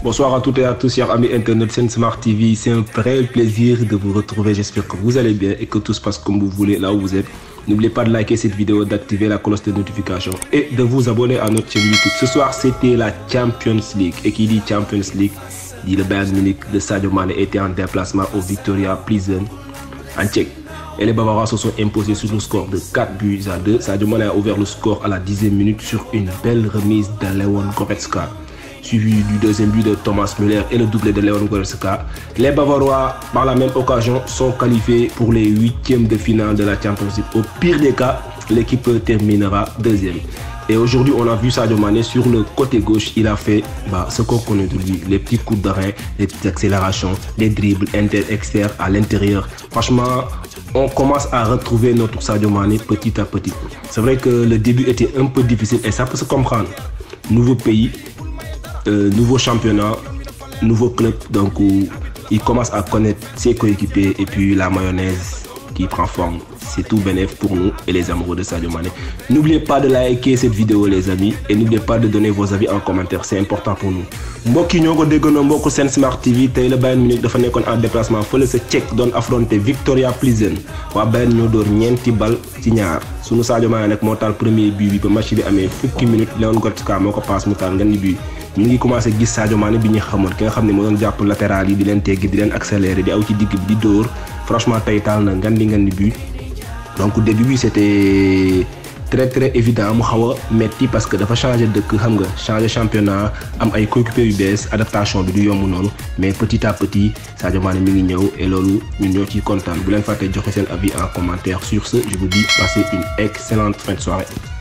Bonsoir à toutes et à tous, chers amis Internet, c'est Smart TV. C'est un vrai plaisir de vous retrouver. J'espère que vous allez bien et que tout se passe comme vous voulez là où vous êtes. N'oubliez pas de liker cette vidéo, d'activer la cloche de notification et de vous abonner à notre chaîne YouTube. Ce soir, c'était la Champions League. Et qui dit Champions League dit le Bayern Munich de Sadio Mane était en déplacement au Victoria Prison en Tchèque. Et les Bavarois se sont imposés sur le score de 4 buts à 2. Sadio Mane a ouvert le score à la 10e minute sur une belle remise de Kopetska suivi du deuxième but de Thomas Müller et le doublé de Leon Goretzka. Les Bavarois, par la même occasion, sont qualifiés pour les huitièmes de finale de la Champions Au pire des cas, l'équipe terminera deuxième. Et aujourd'hui, on a vu Sadio Mane sur le côté gauche. Il a fait bah, ce qu'on connaît de lui les petits coups d'arrêt, les petites accélérations, les dribbles inter exter à l'intérieur. Franchement, on commence à retrouver notre Sadio Mane petit à petit. C'est vrai que le début était un peu difficile et ça peut se comprendre. Nouveau pays, euh, nouveau championnat, nouveau club, donc où il commence à connaître ses coéquipiers et puis la mayonnaise qui prend forme. C'est tout bénéf pour nous et les amoureux de Sadio Mané. N'oubliez pas de liker cette vidéo les amis et n'oubliez pas de donner vos avis en commentaire, c'est important pour nous. mbokk yi ñoo ko déggandoo mbokku seen Smart TV tey la Bayern Munich dafa nekkoon en déplacement fële sa Tchèque doon affronté Victoria Plizen waa Bayern ñoo dóor ñeenti bal ci ñaar sunu Sadio nag moo taal premier but bi ba match bi amee fukki minute Leon Goretzka moo ko paas mu taal ngeen ni but ngi commencé gis Sadio bi ñu xamoon ki nga xam ne moo doon jàpp latéral yi di leen teggi di leen accéléré di aw ci digg bi di dóor franchement tey très très évident mu xaw a metti parce que dafa changer de xam nga changé championnat am ay coéquipiers yu bees adaptation bi du yomb noonu mais petit à petit Sadio Mané mi ngi ñëw et loolu ñun ñoo ciy kontaan bu leen fàttee joxe seen avis en commentaire sur ce je vous dis passez une excellente fin de soirée.